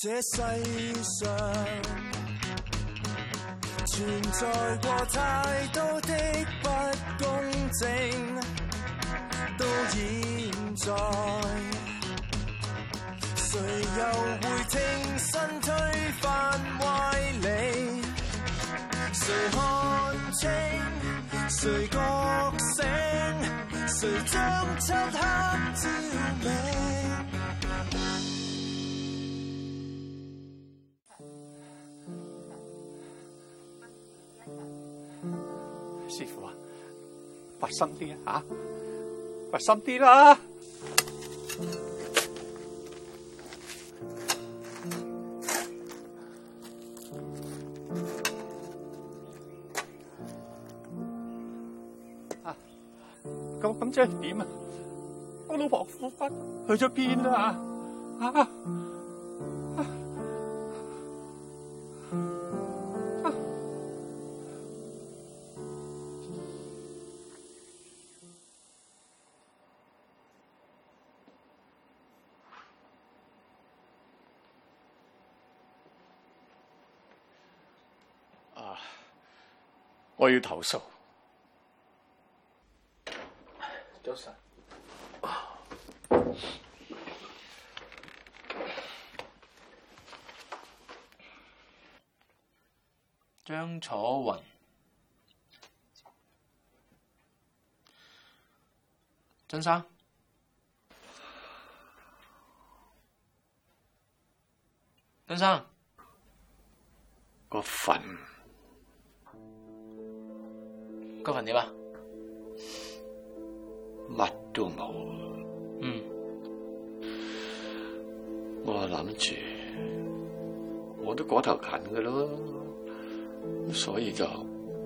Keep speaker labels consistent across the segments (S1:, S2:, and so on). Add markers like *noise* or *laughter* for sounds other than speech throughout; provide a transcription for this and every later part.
S1: 這世上存在過太多的不公正，到現在，誰又會挺
S2: 身推翻歪理？誰看
S3: 清？誰覺醒？誰將漆黑照明？
S4: 發生啲啊，發生啲啦，啊啊！啊，咁咁即係點啊？我老婆副骨去咗邊啦？啊！我要投訴。
S5: 早晨。張楚雲，張生，
S4: 張生，個墳。嗰份點啊？乜都冇啊！嗯，我諗住我都嗰頭近嘅咯，所以就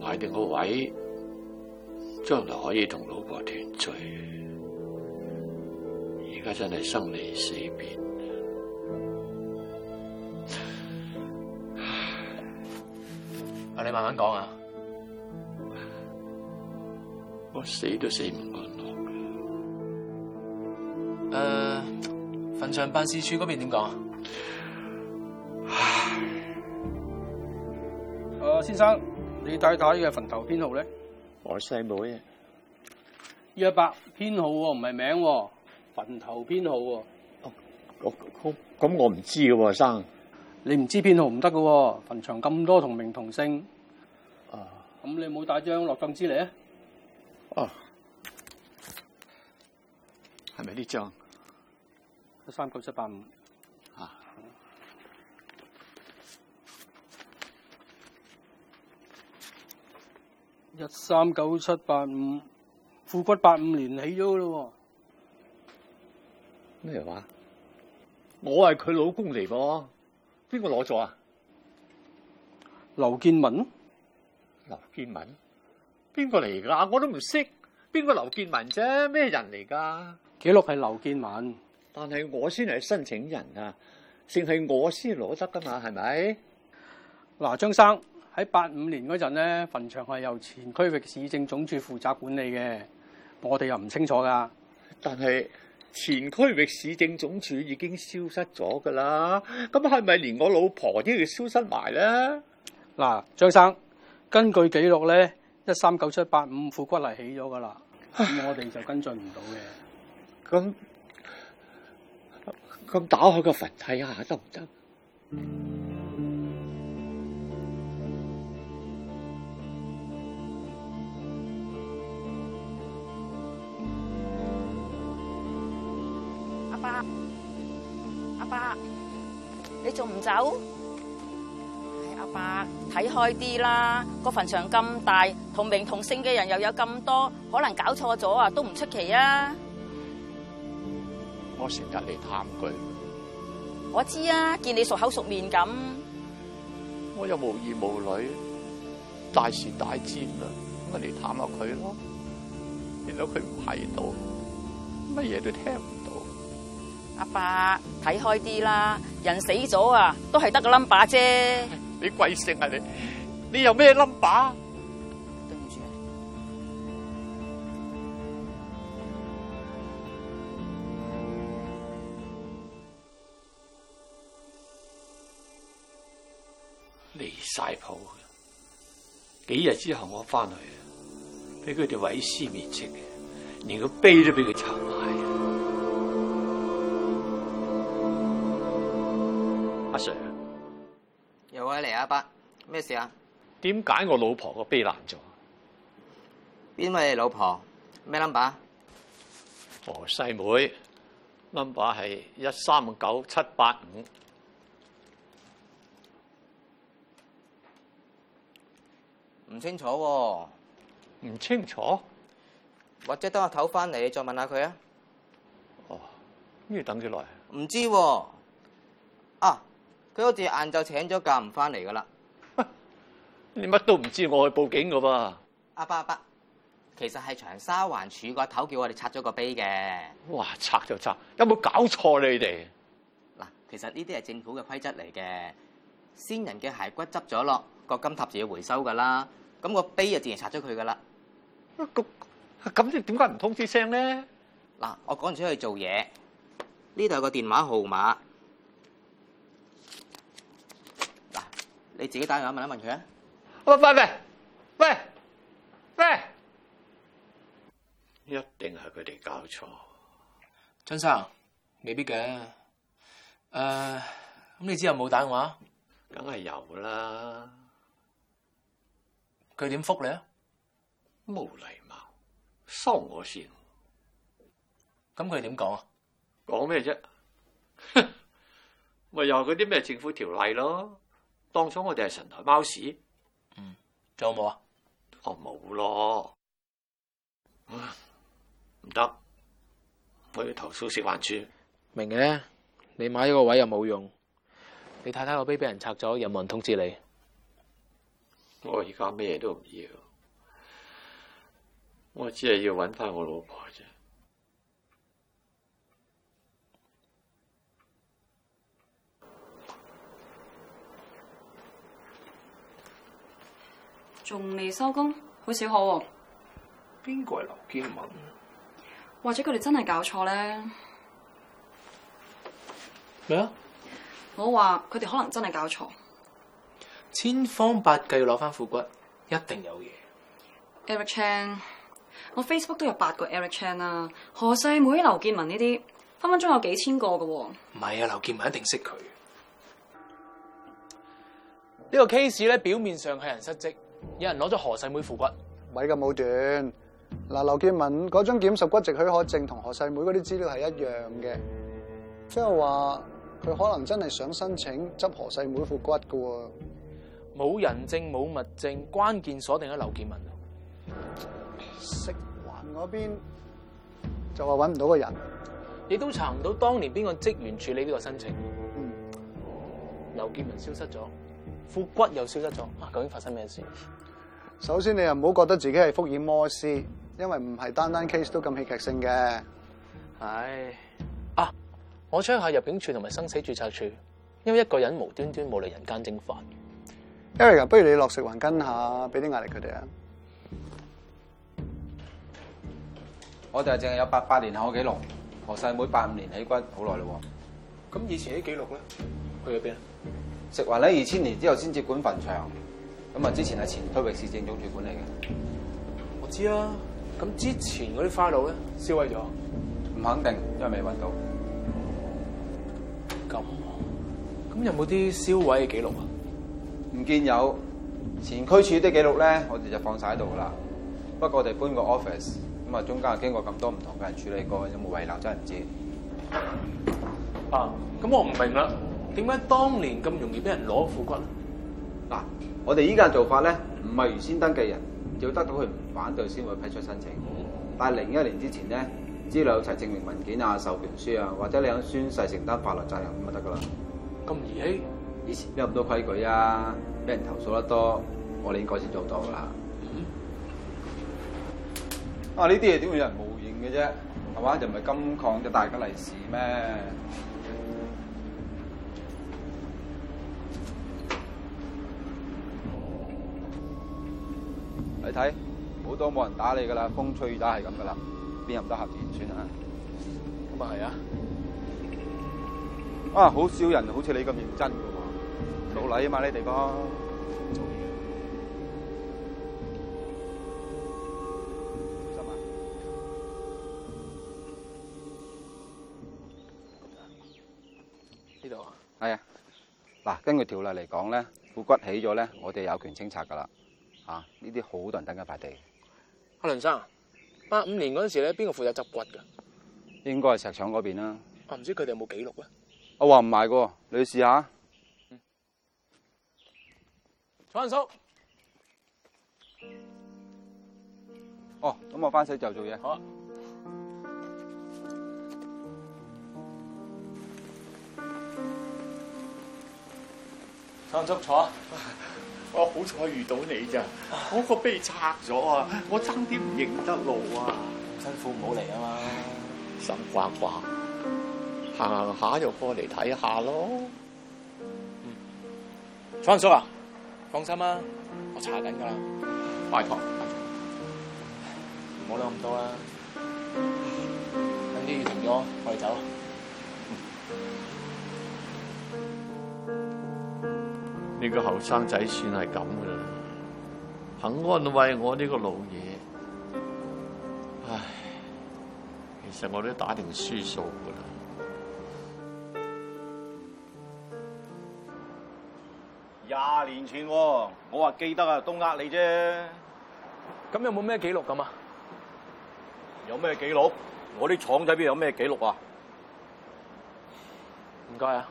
S4: 買定個位，將來可以同老婆團聚。而家真係生離死別。啊，你慢慢講啊！死都死
S5: 唔安咯。誒，墳、uh, 場辦事處嗰邊點講啊？誒、uh, 哦哦哦
S2: oh, oh, oh, oh.，先生，你帶帶嘅墳頭編號咧？
S4: 我細妹。
S2: 阿伯，編號唔係
S4: 名，墳頭編號。哦，咁我唔知嘅喎，生。你唔知編號唔得嘅喎，墳場咁多同名同姓。啊、uh.。
S2: 咁你冇帶張落葬紙嚟啊？
S4: 哦，係咪呢張？三公十八，
S2: 一三九七八五，富骨八五年起咗嘅咯
S4: 喎。咩話？我係佢老公嚟噃，邊個攞咗啊？劉建民。劉建民。邊個嚟噶？我都唔識邊個劉建文啫，咩人嚟噶？記錄係劉建文，但係我先係申請人啊，淨係我先攞得噶嘛，係咪？嗱，張生喺八五年嗰陣咧，墳場係由前區域市政總署負責管理嘅，我哋又唔清楚噶。但係前區域市政總署已經消失咗噶啦，咁係咪連我老婆都要消失埋咧？嗱，張生，根據記錄咧。一三九七八五副骨嚟起咗㗎喇，我哋就跟進唔到嘅。咁咁打開個墳睇下得唔得？阿、啊啊、爸，阿、啊、爸，你
S2: 仲唔走？爸，睇開啲啦。個墳場咁大，同名同姓嘅人又有咁多，可能搞錯咗啊，都唔出奇啊。
S4: 我成日嚟探佢。
S2: 我知啊，見你熟口熟面咁。
S4: 我又無兒無女，大時大節啊，咁，咪嚟探下佢咯。見到佢唔喺度，乜嘢都聽唔到。阿爸，睇開啲啦。人死咗啊，都係得個 number 啫。你貴姓啊？你你有咩 number？啊、
S3: 對唔住，
S4: 離晒譜。幾日之後我翻去啊，俾佢哋毀屍滅跡，連個碑都俾佢拆埋。阿、啊、Sir。
S2: 喂，嚟阿伯，咩事啊？
S4: 點解我老婆個碑爛咗？邊位老婆？咩 number？哦，細妹？number 係一三九七八五。唔清楚、啊。唔清楚？或者等阿頭翻嚟再問下佢啊。哦，要等幾耐？唔知啊。啊！佢好似晏晝請咗假唔翻嚟噶啦！你乜都唔知，我去報警噶噃。
S2: 阿伯阿伯，其實係長沙環處嗰頭叫我哋拆咗個碑嘅。
S4: 哇！拆就拆，有冇搞錯你哋？嗱，其實呢啲係政府嘅規則嚟嘅。先人嘅骸骨執咗落，個金塔就要回收噶啦。咁個碑就自然拆咗佢噶啦。咁你點解唔通知聲咧？嗱、啊，我趕唔出去做嘢，呢度有個電話號碼。你自己打個電話問一問佢啊！喂喂喂喂，一定係佢哋搞錯。
S5: 張生未必嘅。誒，咁你之後冇
S4: 打電話？梗係有啦。佢點覆你啊？冇禮貌，收我先。咁佢點講啊？講咩啫？咪 *laughs* *laughs* 又嗰啲咩政府條例咯？當初我哋係神台貓屎，嗯，仲有冇啊？哦，我冇咯，唔得，我要投訴食環署。
S5: 明嘅，你買一個位又冇用，你太太個碑俾人拆咗，有冇人通知你？我而家咩都唔要，
S4: 我只係要揾翻我老婆啫。
S3: 仲未收工，好少可。邊個係劉建文？或者佢哋真係搞錯咧？咩啊？我話佢哋可能真係搞錯。
S5: 千方百計要攞翻副骨，一定有嘢。
S3: Eric Chan，我 Facebook 都有八個 Eric Chan 啊，何世妹
S1: 劉建文呢啲分分鐘有幾千個噶。唔
S5: 係啊，劉建文一定識佢。呢個 case 咧，表面上係人失職。有人攞咗何世妹
S1: 腐骨，咪咁武斷。嗱，劉建民嗰張撿拾骨殖許可證同何世妹嗰啲資料係一樣嘅，即係話佢可能真係想申請執何世妹腐骨嘅。冇人證冇物證，關鍵鎖定喺劉建民。食環嗰邊就話搵唔到個
S5: 人，亦都查唔到當年邊個職員處理呢個申請。劉、嗯、建民消失咗，腐骨又消失咗，啊，究竟發生咩事？
S1: 首先你又唔好覺得自己係福爾摩斯，因為唔係單單 case 都咁戲劇性嘅。係啊，我 check 下入境處同埋生死注冊處，因為一個人
S5: 無端端冇嚟，人間蒸發。
S1: Eric，不如你落食環跟下，俾啲壓力佢哋啊。
S3: 我哋係淨係有八八年後嘅紀錄，何細妹八五年起骨很久了，好耐咯。咁以前啲紀錄咧，去咗邊？食環咧，二千年之後先至管墳場。咁啊，之前喺前區域市政總署管理嘅，
S5: 我知啊。咁之前嗰啲 file 咧，燒燬咗？唔肯定，因為未揾到那麼。咁咁有冇啲
S3: 燒燬嘅記錄啊？唔見有。前區處啲記錄咧，我哋就放晒喺度噶啦。不過我哋搬個 office，咁啊中間又經過咁多唔同嘅人處理過，有冇遺漏真係唔知。啊，啊，咁我唔明啦，點解當年咁容易俾人攞副骨嗱。我哋依家嘅做法咧，唔係原先登記人要得到佢唔反對先會批出申請，嗯、但係零一年之前咧，資料齊證明文件啊、授權書啊，或者你有宣誓承擔法律責任咁就得噶啦。咁兒戲？以前邊有咁多規矩啊？俾人投訴得多，我哋應該先做到啦、嗯。啊！呢啲嘢點會有人無形嘅啫？係嘛？就唔係金礦嘅大吉利是咩？你睇，好多冇人打你㗎喇，風吹雨打係咁㗎喇，邊有咁多先啊？咁啊係啊！啊，好少人好似你咁認真㗎喎，老禮啊嘛呢地方。做嘢。呢度啊？係啊！嗱，根據條例嚟講呢，骨骨起咗我哋有權清拆㗎喇。啊！呢啲好多人等緊塊地。
S5: 阿梁生，八五年嗰陣時咧，邊個負責執骨㗎？
S3: 應該係石廠嗰邊
S5: 啦。啊，唔知佢哋有冇記錄啊。
S3: 我話唔埋個，你去試下。
S5: 楚雲叔，
S3: 叔。哦，咁我翻洗就做嘢。好。
S4: 楚雲叔坐。坐坐我好彩遇到你咋，那個，我個碑拆咗啊，我爭啲唔認得路啊，辛苦唔好嚟啊嘛，心掛掛，行行下又過嚟睇下咯。倉、嗯、叔啊，
S5: 放心啦，我查緊噶啦，
S4: 拜託，
S5: 冇諗咁多啦，等啲雨停咗，我哋走。
S4: 你、這個後生仔算係咁嘅啦，肯安慰我呢個老嘢。唉，其實我都打定輸數噶啦。廿年前、啊，我話記得啊，都呃你啫。咁有冇咩記錄咁啊？有咩記錄？我啲廠仔邊有咩記錄啊？唔該啊。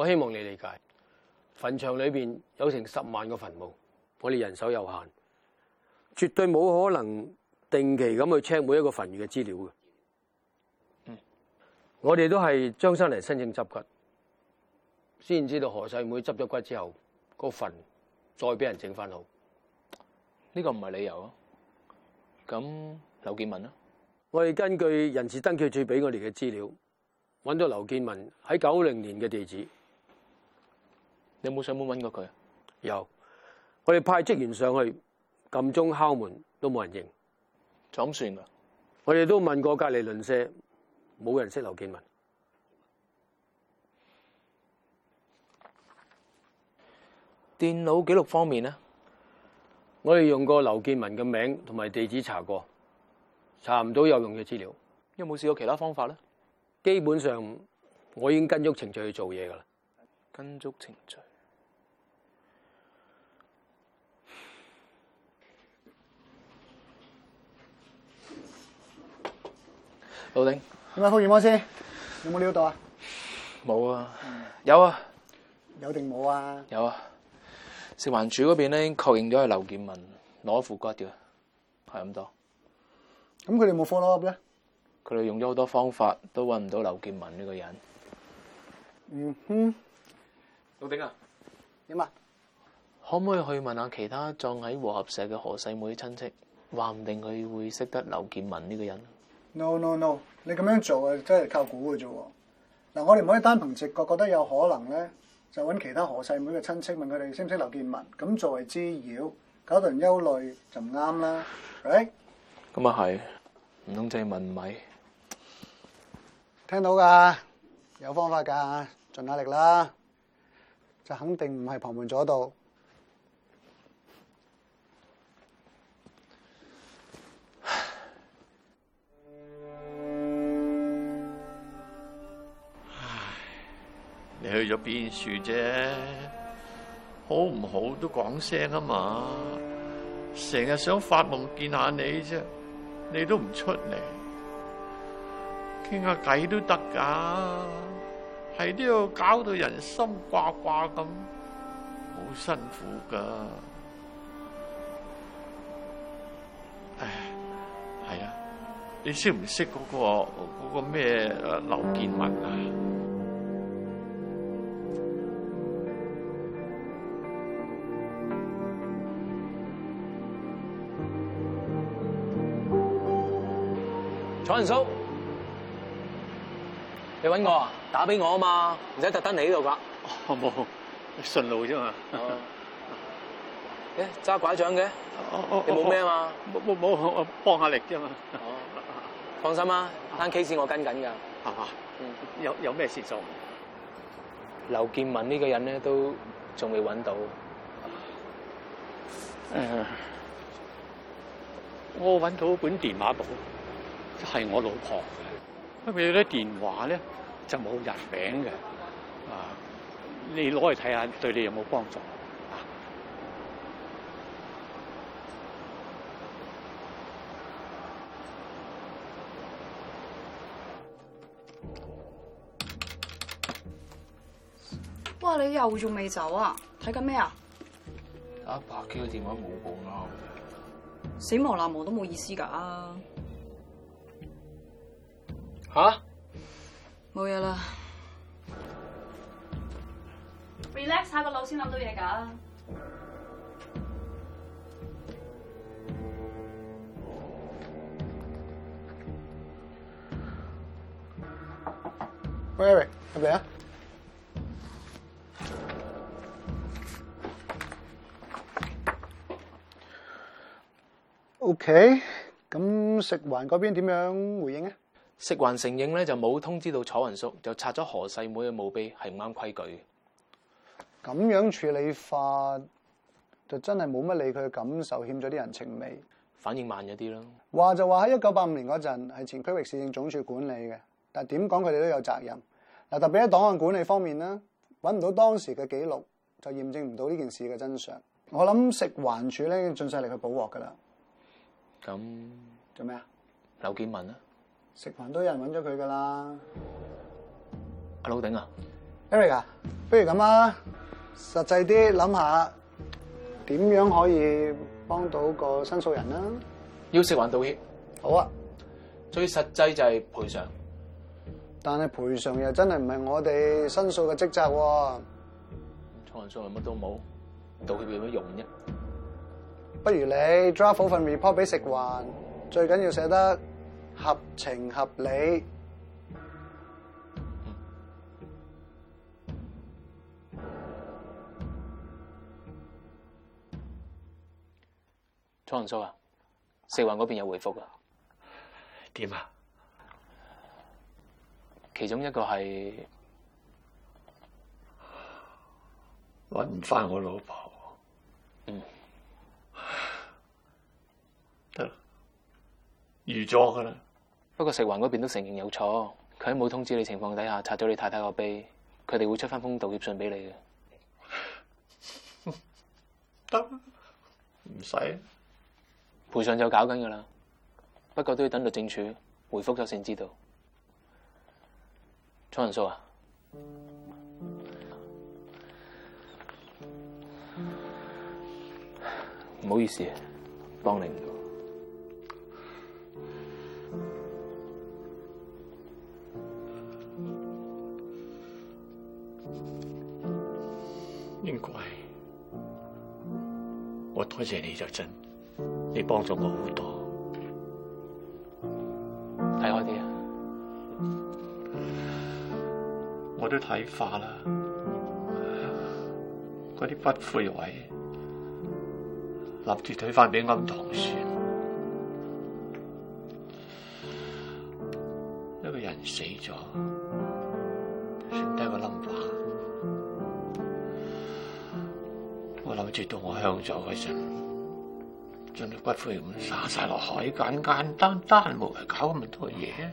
S2: 我希望你理解，墳場裏邊有成十萬個墳墓，我哋人手有限，絕對冇可能定期咁去 check 每一個墳穴嘅資料嘅。嗯，我哋都係張生嚟申請執骨，先知道何世妹執咗骨之後，個墳再俾人整翻好，呢個唔係理由啊。咁劉建文啦，我哋根據人事登記處俾我哋嘅資料，揾到劉建文喺九零年嘅地址。
S5: 你有冇上門揾過佢啊？
S2: 有，我哋派職員上去撳鐘敲門，都冇人應。噉算噶？我哋都問過隔離鄰舍，冇人識劉建民。
S5: 電腦記錄方面呢，
S2: 我哋用過劉建民嘅名同埋地址查過，查唔到有用嘅資料。有冇試過其他方法咧？基本上，我已經跟足程序去做嘢噶啦。跟足程
S5: 序。
S1: 老丁，點啊？福爾摩斯，有冇料到啊？冇啊，有啊，有定冇啊？
S5: 有啊，食環署嗰邊咧，已經確認咗係劉建文攞副骨嘅，係咁多。
S1: 咁佢哋冇放落去咧？
S5: 佢哋用咗好多方法都揾唔到劉建文呢個人。
S1: 嗯哼，老丁啊，
S5: 點啊？可唔可以去問下其他葬喺和合石嘅何細妹親戚？話唔定佢會識得劉建文呢個人。
S1: no no no，你咁樣做啊，真係靠估嘅啫。嗱，我哋唔可以單憑直覺覺得有可能咧，就揾其他何細妹嘅親戚問佢哋識唔識劉建民，咁作為滋擾，搞到人憂慮就唔啱啦。誒，
S5: 咁啊係唔通即係問米
S1: 聽到㗎？有方法㗎，盡下力啦。就肯定唔係旁門左道。
S4: 你去咗邊處啫？好唔好都講聲啊嘛！成日想發夢見下你啫，你都唔出嚟，傾下偈都得噶，係都要搞到人心掛掛咁，好辛苦噶。唉，係啊，你識唔識嗰個嗰個咩？誒，劉建民啊？
S5: 叔叔你揾我啊？打俾我啊嘛，唔使特登嚟呢度噶。
S4: 我冇順路啫嘛。
S5: 誒，揸拐杖嘅，
S4: 你冇咩啊嘛？冇冇冇，我幫下力啫嘛。放心、這個、啊，單 case 我跟緊噶，有有咩事做？
S5: 劉建民呢個人咧都
S4: 仲未揾到、啊。誒，我揾到本電話簿。係我老婆嘅，咁佢有啲電話咧就冇人名嘅，啊，你攞嚟睇下，對你有冇幫助，啊？
S2: 哇！你又仲未
S3: 走啊？睇緊咩啊？
S5: 阿百幾嘅電話冇咁
S3: 啱，死亡難忘都冇意思㗎，啊。吓，冇嘢啦。relax
S1: 下個腦先諗到嘢噶。喂喂，係咪啊？OK，咁食環嗰邊點樣回應咧？食環承認咧，
S5: 就冇通知到楚雲叔，就拆咗何世妹嘅墓碑，係唔啱規矩嘅。
S1: 咁樣處理法就真係冇乜理佢嘅感受，欠咗啲人情味。
S5: 反應慢咗啲咯。
S1: 話就話喺一九八五年嗰陣係前區域市政總署管理嘅，但係點講佢哋都有責任。嗱，特別喺檔案管理方面咧，揾唔到當時嘅記錄，就驗證唔到呢件事嘅真相。我諗食環署咧已經盡晒力去補鑊噶啦。
S5: 咁做咩啊？劉建民啊。
S1: 食環都有人揾咗佢噶啦，阿老頂啊，Eric 啊，不如咁啦，實際啲諗下，點樣可以幫到個申訴人啦？
S5: 要食環道歉，好啊，最實際就係賠償，
S1: 但係賠償又真係唔係我哋申訴嘅職責。創送嚟乜都冇，
S5: 道歉有乜用啫？
S1: 不如你 draft 好份 report 俾食環，最緊要寫得。.合情合理，
S5: 嗯，楚雲叔啊，四環嗰邊有回覆啦，點啊？其中一個係搵唔翻我老婆，嗯，得，預咗噶啦。不過食環嗰邊都承認有錯，佢喺冇通知你情況底下拆咗你太太個碑，佢哋會出翻封道歉信俾你嘅。
S4: 得，唔
S5: 使賠償就搞緊噶啦，不過都要等律政署回覆咗先知道。楚雲叔啊？唔好意思，幫你唔到。
S4: 我多謝你就真，你幫咗我好多。睇開啲啊！我都睇化啦，嗰啲不悔悔，立住退返俾暗堂算。一個人死咗。你同我向左起身，將啲骨灰咁撒晒落海，簡簡單單，冇嚟搞咁多嘢。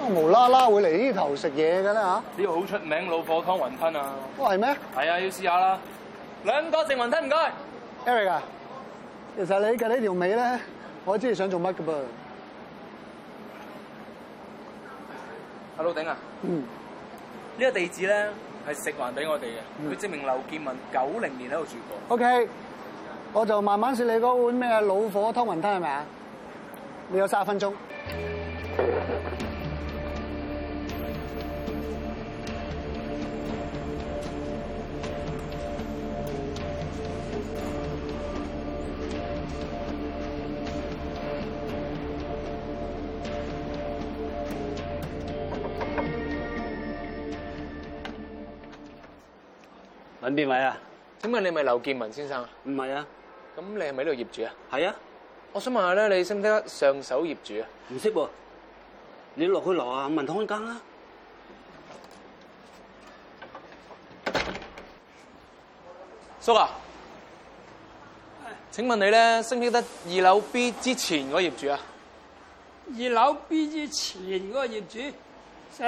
S1: 我無啦啦會嚟呢頭食嘢嘅啦。吓？
S5: 呢個好出名老火湯雲吞啊！喂、哦，咩？係啊，要試下啦。兩個食雲吞唔該
S1: ，Eric 啊。其實你嘅呢條尾咧，我知你想做乜嘅噃。
S5: Hello，頂啊！嗯，呢個地址咧係食環俾我哋嘅，佢證明劉建民九零年喺度住過的的。
S1: OK，我就慢慢食你嗰碗咩老火湯雲吞係咪啊？你有卅分鐘。
S5: 問邊位啊？請問你係咪劉建文先生啊？唔係啊。咁你係咪呢度業主啊？係啊。我想問下咧，你識唔識得上手業主啊？唔識喎，你落去樓下啊，問湯更啊。叔啊，請問你咧，識唔識得二樓 B 之前嗰個業主啊？二樓 B 之前嗰個
S2: 業主，姓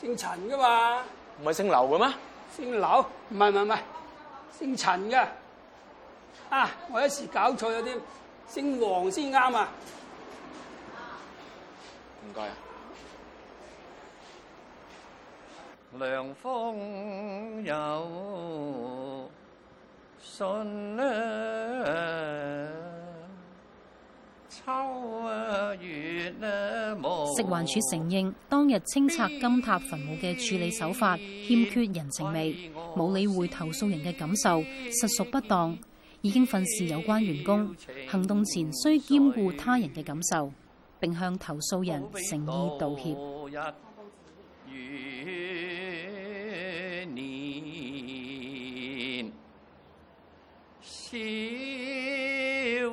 S2: 姓陳噶嘛？
S5: 唔係姓劉嘅咩？
S2: 姓柳，唔係唔係唔係，姓陳嘅啊！我一時搞錯咗添，姓黃先啱啊！唔該啊。
S4: 涼風有信，啊。食環署承
S1: 認當日清拆金塔墳墓嘅處理手法欠缺人情味，冇理會投訴人嘅感受，實屬不當。已經訓示有關員工，行動前需兼顧他人嘅感受，並向投訴人誠意道歉。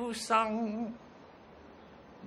S4: 年少生